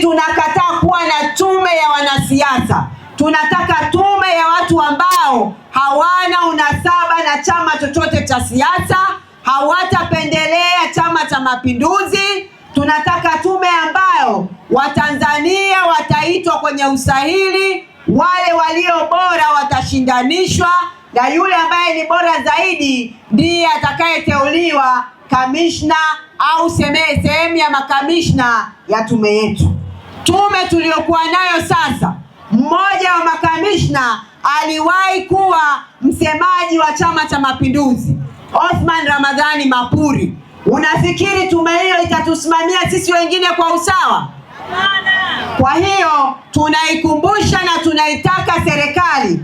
tunakataa kuwa na tume ya wanasiasa. Tunataka tume ya watu ambao hawana unasaba na chama chochote cha siasa, hawatapendelea Chama cha Mapinduzi. Tunataka tume ambayo Watanzania wataitwa kwenye usahili, wale walio bora watashindanishwa na yule ambaye ni bora zaidi ndiye atakayeteuliwa kamishna au semee sehemu ya makamishna ya tume yetu. Tume tuliyokuwa nayo sasa, mmoja wa makamishna aliwahi kuwa msemaji wa Chama cha Mapinduzi, Othman Ramadhani Mapuri. Unafikiri tume hiyo itatusimamia sisi wengine kwa usawa? Kwa hiyo tunaikumbusha na tunaitaka serikali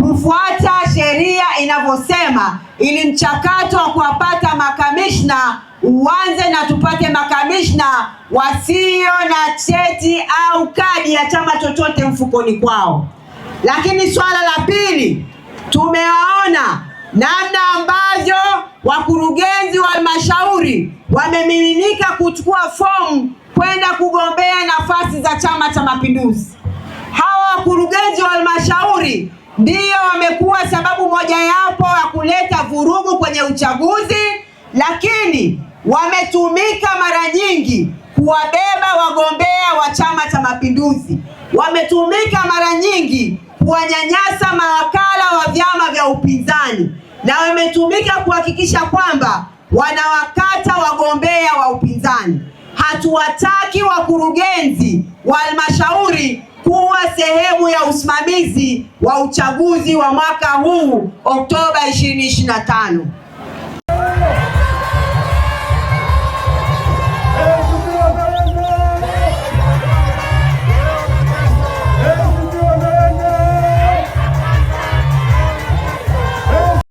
kufuata sheria inavyosema, ili mchakato wa kuwapata makamishna uanze na tupate makamishna wasio na maji ya chama chochote mfukoni kwao. Lakini swala la pili, tumewaona namna ambavyo wakurugenzi wa halmashauri wamemiminika kuchukua fomu kwenda kugombea nafasi za Chama cha Mapinduzi. Hawa wakurugenzi wa halmashauri ndiyo wamekuwa sababu moja yapo ya kuleta vurugu kwenye uchaguzi, lakini wametumika mara nyingi kuwa Mapinduzi wametumika mara nyingi kuwanyanyasa mawakala wa vyama vya upinzani na wametumika kuhakikisha kwamba wanawakata wagombea wa upinzani. Hatuwataki wakurugenzi wa halmashauri kuwa sehemu ya usimamizi wa uchaguzi wa mwaka huu Oktoba 2025.